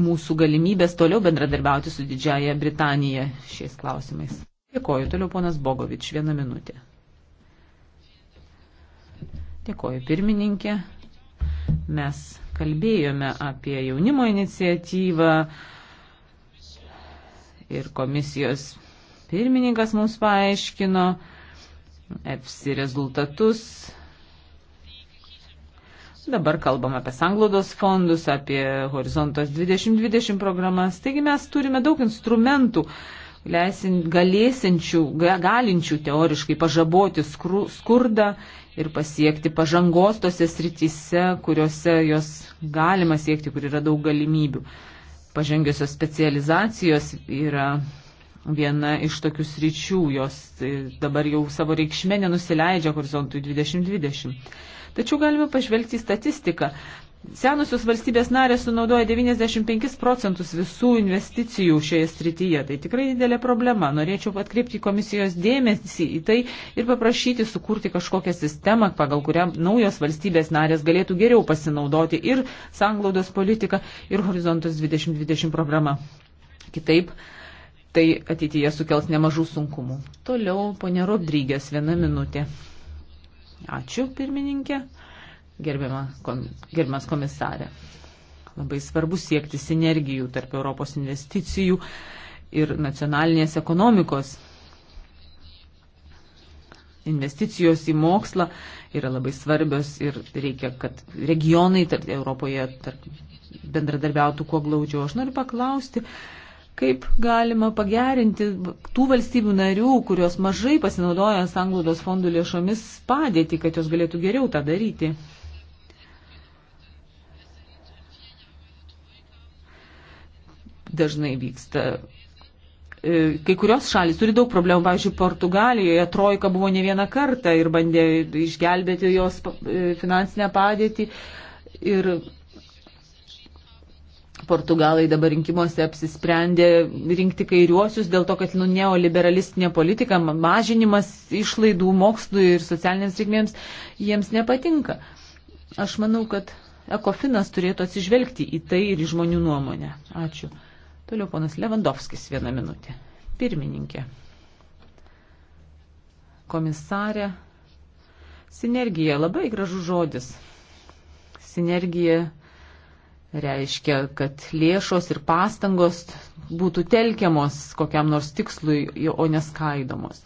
mūsų galimybės toliau bendradarbiauti su Didžiaja Britanija šiais klausimais. Dėkoju, toliau ponas Bogovič, vieną minutę. Dėkoju, pirmininkė. Mes kalbėjome apie jaunimo iniciatyvą ir komisijos pirmininkas mums paaiškino EFSI rezultatus. Dabar kalbam apie sanglaudos fondus, apie Horizontos 2020 programas. Taigi mes turime daug instrumentų, leisin, galėsinčių, galinčių teoriškai pažaboti skurdą ir pasiekti pažangos tose srityse, kuriuose jos galima siekti, kur yra daug galimybių. Pažengiosios specializacijos yra viena iš tokių sričių, jos e, dabar jau savo reikšmė nenusileidžia horizontui 2020. Tačiau galime pažvelgti į statistiką. Senusios valstybės narės sunaudoja 95 procentus visų investicijų šioje srityje. Tai tikrai didelė problema. Norėčiau atkreipti komisijos dėmesį į tai ir paprašyti sukurti kažkokią sistemą, pagal kurią naujos valstybės narės galėtų geriau pasinaudoti ir sanglaudos politiką, ir Horizontus 2020 programą. Kitaip, tai ateityje sukels nemažų sunkumų. Toliau, ponė Rodrygės, viena minutė. Ačiū, pirmininkė gerbiamas kom, komisarė. Labai svarbu siekti sinergijų tarp Europos investicijų ir nacionalinės ekonomikos. Investicijos į mokslą yra labai svarbios ir reikia, kad regionai tarp Europoje tarp bendradarbiautų kuo glaudžiau. Aš noriu paklausti, kaip galima pagerinti tų valstybių narių, kurios mažai pasinaudoja sanglaudos fondų lėšomis padėti, kad jos galėtų geriau tą daryti. dažnai vyksta. E, kai kurios šalis turi daug problemų, pavyzdžiui, Portugalijoje trojka buvo ne vieną kartą ir bandė išgelbėti jos e, finansinę padėtį. Ir Portugalai dabar rinkimuose apsisprendė rinkti kairiuosius dėl to, kad nu, neoliberalistinė politika, mažinimas išlaidų mokslui ir socialinėms reikmėms jiems nepatinka. Aš manau, kad ekofinas turėtų atsižvelgti į tai ir į žmonių nuomonę. Ačiū. Toliau ponas Levandovskis vieną minutę. Pirmininkė. Komisarė. Sinergija labai gražus žodis. Sinergija reiškia, kad lėšos ir pastangos būtų telkiamos kokiam nors tikslui, o neskaidomos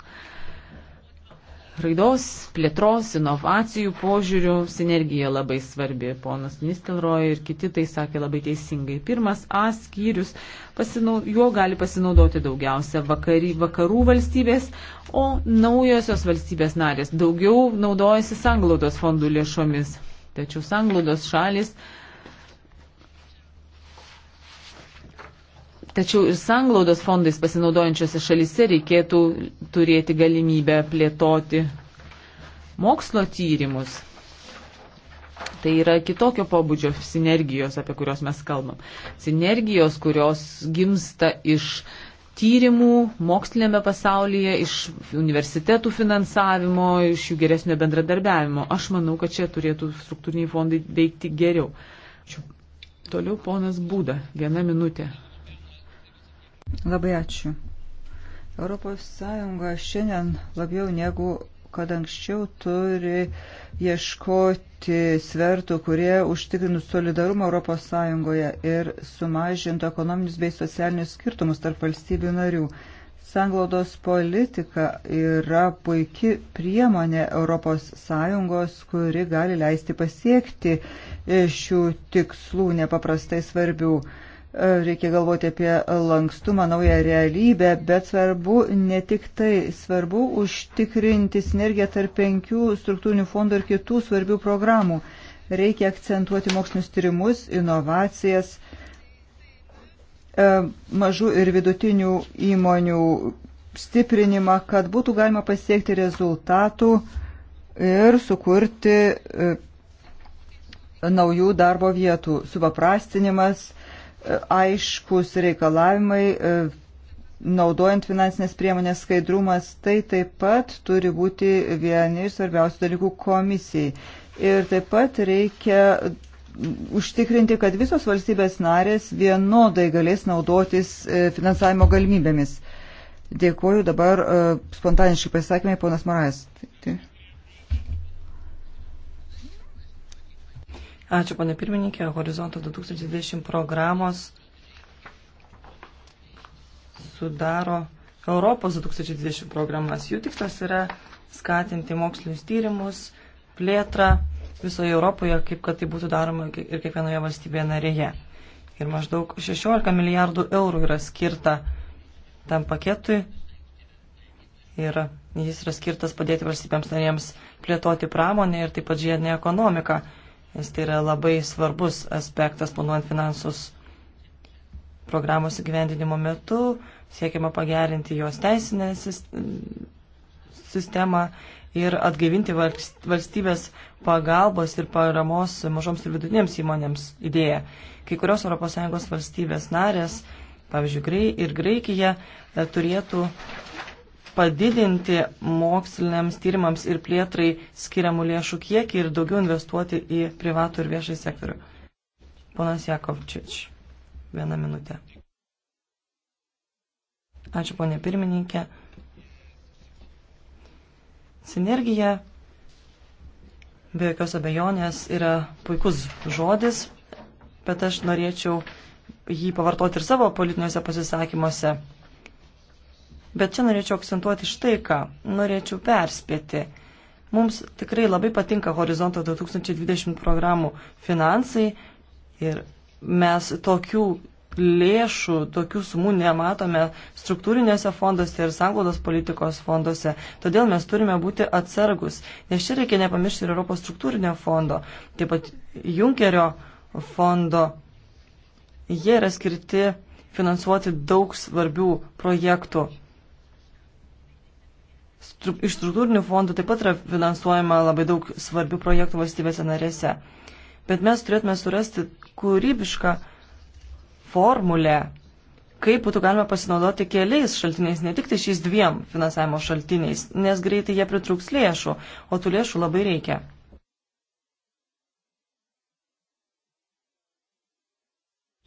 raidos, plėtros, inovacijų požiūrių sinergija labai svarbi. Ponas Nistelroj ir kiti tai sakė labai teisingai. Pirmas A skyrius, pasinau, juo gali pasinaudoti daugiausia vakarį, vakarų valstybės, o naujosios valstybės narės daugiau naudojasi sanglaudos fondų lėšomis. Tačiau sanglaudos šalis Tačiau ir sanglaudos fondais pasinaudojančiose šalise reikėtų turėti galimybę plėtoti mokslo tyrimus. Tai yra kitokio pobūdžio sinergijos, apie kurios mes kalbam. Sinergijos, kurios gimsta iš tyrimų mokslinėme pasaulyje, iš universitetų finansavimo, iš jų geresnio bendradarbiavimo. Aš manau, kad čia turėtų struktūriniai fondai veikti geriau. Ačiū. Toliau ponas Būda, viena minutė. Labai ačiū. Europos Sąjunga šiandien labiau negu kad anksčiau turi ieškoti svertų, kurie užtikrintų solidarumą ES ir sumažintų ekonominius bei socialinius skirtumus tarp valstybių narių. Sanglaudos politika yra puikia priemonė ES, kuri gali leisti pasiekti šių tikslų nepaprastai svarbių reikia galvoti apie lankstumą, naują realybę, bet svarbu ne tik tai, svarbu užtikrinti sinergiją tarp penkių struktūrinių fondų ir kitų svarbių programų. Reikia akcentuoti mokslinius tyrimus, inovacijas, e, mažų ir vidutinių įmonių stiprinimą, kad būtų galima pasiekti rezultatų ir sukurti e, naujų darbo vietų. Supaprastinimas aiškus reikalavimai, e, naudojant finansinės priemonės skaidrumas, tai taip pat turi būti vieni iš svarbiausių dalykų komisijai. Ir taip pat reikia užtikrinti, kad visos valstybės narės vienodai galės naudotis e, finansavimo galimybėmis. Dėkuoju dabar e, spontaniškai pasisakymai, ponas Morais. Ačiū, pane pirmininkė, Horizonto 2020 programos sudaro Europos 2020 programas. Jų tikslas yra skatinti mokslinius tyrimus, plėtrą visoje Europoje, kaip kad tai būtų daroma ir kiekvienoje valstybėje narėje. Ir maždaug 16 milijardų eurų yra skirta tam paketui ir jis yra skirtas padėti valstybėms narėms plėtoti pramonę ir taip pat žiedinę ekonomiką nes tai yra labai svarbus aspektas planuojant finansus programos įgyvendinimo metu, siekiama pagerinti jos teisinę sistemą ir atgaivinti valstybės pagalbos ir paramos mažoms ir vidutinėms įmonėms idėją. Kai kurios ES valstybės narės, pavyzdžiui, ir Graikija, e, turėtų padidinti moksliniams tyrimams ir plėtrai skiriamų lėšų kiekį ir daugiau investuoti į privatų ir viešai sektorių. Ponas Jakovčič, vieną minutę. Ačiū, ponė pirmininkė. Sinergija be jokios abejonės yra puikus žodis, bet aš norėčiau jį pavartoti ir savo politiniuose pasisakymuose. Bet čia norėčiau akcentuoti štai ką. Norėčiau perspėti. Mums tikrai labai patinka Horizonto 2020 programų finansai ir mes tokių lėšų, tokių sumų nematome struktūrinėse fondose ir sanglaudos politikos fondose. Todėl mes turime būti atsargus, nes čia reikia nepamiršti ir Europos struktūrinio fondo, taip pat Junkerio fondo. Jie yra skirti finansuoti daug svarbių projektų iš struktūrinių fondų taip pat yra finansuojama labai daug svarbių projektų valstybėse narėse. Bet mes turėtume surasti kūrybišką formulę, kaip būtų galima pasinaudoti keliais šaltiniais, ne tik tai šiais dviem finansavimo šaltiniais, nes greitai jie pritruks lėšų, o tų lėšų labai reikia.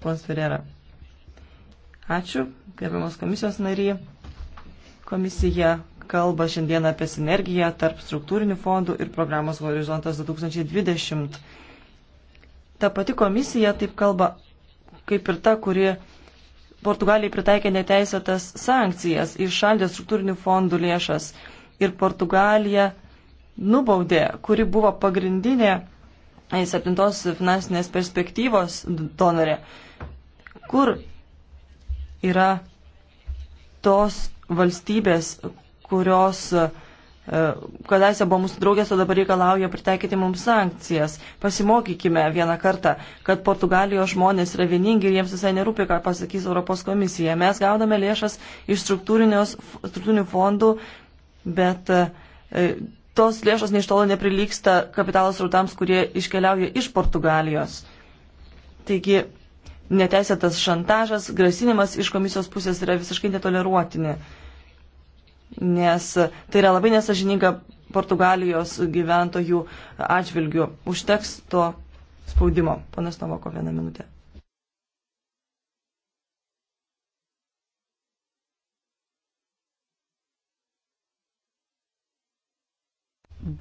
Pons Ferrera. Ačiū, gerbiamos komisijos nary. Komisija kalba šiandien apie sinergiją tarp struktūrinių fondų ir programos Horizontas 2020. Ta pati komisija taip kalba, kaip ir ta, kuri Portugalijai pritaikė neteisėtas sankcijas, išaldė struktūrinių fondų lėšas ir Portugalija nubaudė, kuri buvo pagrindinė e, septintos finansinės perspektyvos donorė, kur yra tos valstybės, kurios e, kadaise buvo mūsų draugės, o dabar reikalauja pritaikyti mums sankcijas. Pasimokykime vieną kartą, kad Portugalijos žmonės yra vieningi ir jiems visai nerūpi, ką pasakys Europos komisija. Mes gaudame lėšas iš struktūrinių fondų, bet e, tos lėšos neiš tolo neprilyksta kapitalos rautams, kurie iškeliauja iš Portugalijos. Taigi neteisėtas šantažas, grasinimas iš komisijos pusės yra visiškai netoleruotini. Ne nes tai yra labai nesažininga Portugalijos gyventojų atžvilgių. Užteks to spaudimo. Panas Novako, vieną minutę.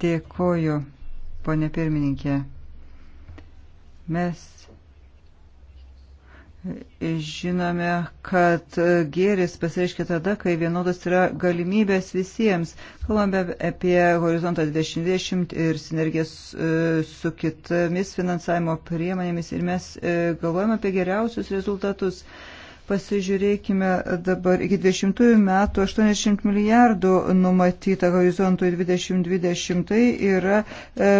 Dėkoju, ponė pirmininkė. Mes Žinome, kad gėris pasireiškia tada, kai vienodas yra galimybės visiems. Kalbame apie horizontą 2020 ir sinergijas e, su kitomis finansavimo priemonėmis ir mes e, galvojame apie geriausius rezultatus. Pasižiūrėkime dabar iki 20 metų 80 milijardų numatyta horizontui 2020. Tai yra e,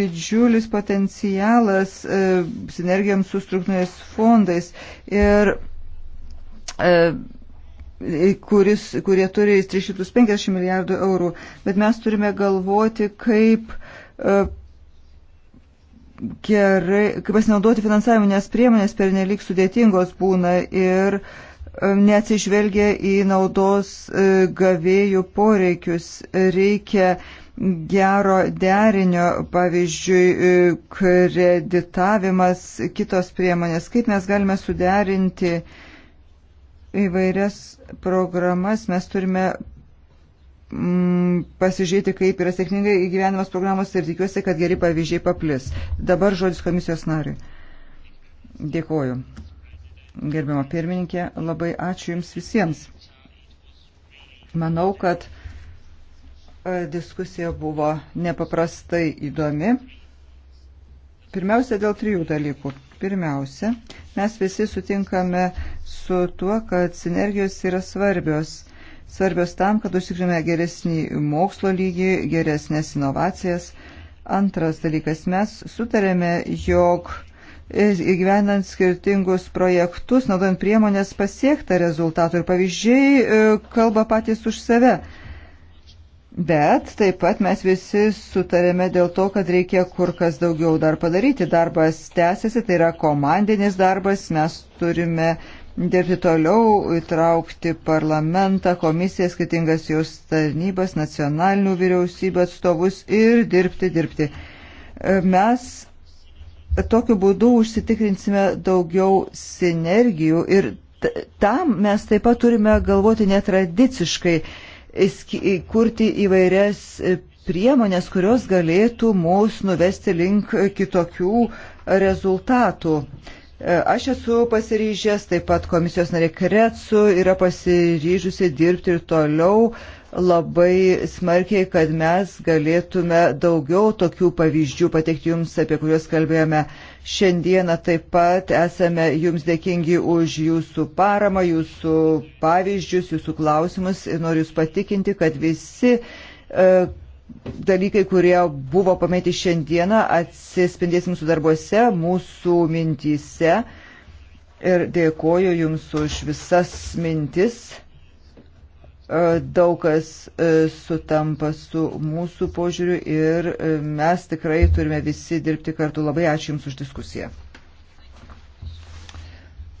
didžiulis potencialas e, sinergijams su struktūriniais fondais. Ir, e, kuris, kurie turi 350 milijardų eurų. Bet mes turime galvoti, kaip e, gerai, kaip pasinaudoti finansaviminės priemonės per nelik sudėtingos būna ir e, neatsižvelgia į naudos e, gavėjų poreikius. Reikia gero derinio, pavyzdžiui, e, kreditavimas, kitos priemonės. Kaip mes galime suderinti įvairias programas, mes turime mm, pasižiūrėti, kaip yra sėkmingai įgyvenimas programos ir tikiuosi, kad geri pavyzdžiai paplis. Dabar žodis komisijos nariui. Dėkoju. Gerbiama pirmininkė, labai ačiū Jums visiems. Manau, kad e, diskusija buvo nepaprastai įdomi. Pirmiausia, dėl trijų dalykų. Pirmiausia, mes visi sutinkame su tuo, kad sinergijos yra svarbios svarbios tam, kad užtikrintume geresnį mokslo lygį, geresnės inovacijas. Antras dalykas, mes sutarėme, jog įgyvendant skirtingus projektus, naudojant priemonės pasiektą rezultatų ir pavyzdžiai e, kalba patys už save. Bet taip pat mes visi sutarėme dėl to, kad reikia kur kas daugiau dar padaryti. Darbas tęsiasi, tai yra komandinis darbas, mes turime uh, dirbti toliau, įtraukti parlamentą, komisiją, skirtingas jos tarnybas, nacionalinių vyriausybių atstovus ir dirbti, dirbti. E, mes tokiu būdu užsitikrinsime daugiau sinergijų ir tam mes taip pat turime galvoti netradiciškai, kurti įvairias priemonės, kurios galėtų mus nuvesti link kitokių rezultatų. E, aš esu pasiryžęs, taip pat komisijos narė Krecu yra pasiryžusi dirbti ir toliau labai smarkiai, kad mes galėtume daugiau tokių pavyzdžių pateikti jums, apie kuriuos kalbėjome šiandieną. Taip pat esame jums dėkingi už jūsų paramą, jūsų pavyzdžius, jūsų klausimus ir noriu jūs patikinti, kad visi e, dalykai, kurie buvo pamėti šiandieną, atsispindės mūsų darbuose, mūsų mintyse. Ir dėkoju Jums už visas mintis. E, daug kas e, sutampa su mūsų požiūriu ir e, mes tikrai turime visi dirbti kartu. Labai ačiū Jums už diskusiją.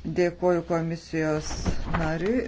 Dėkoju komisijos nariui.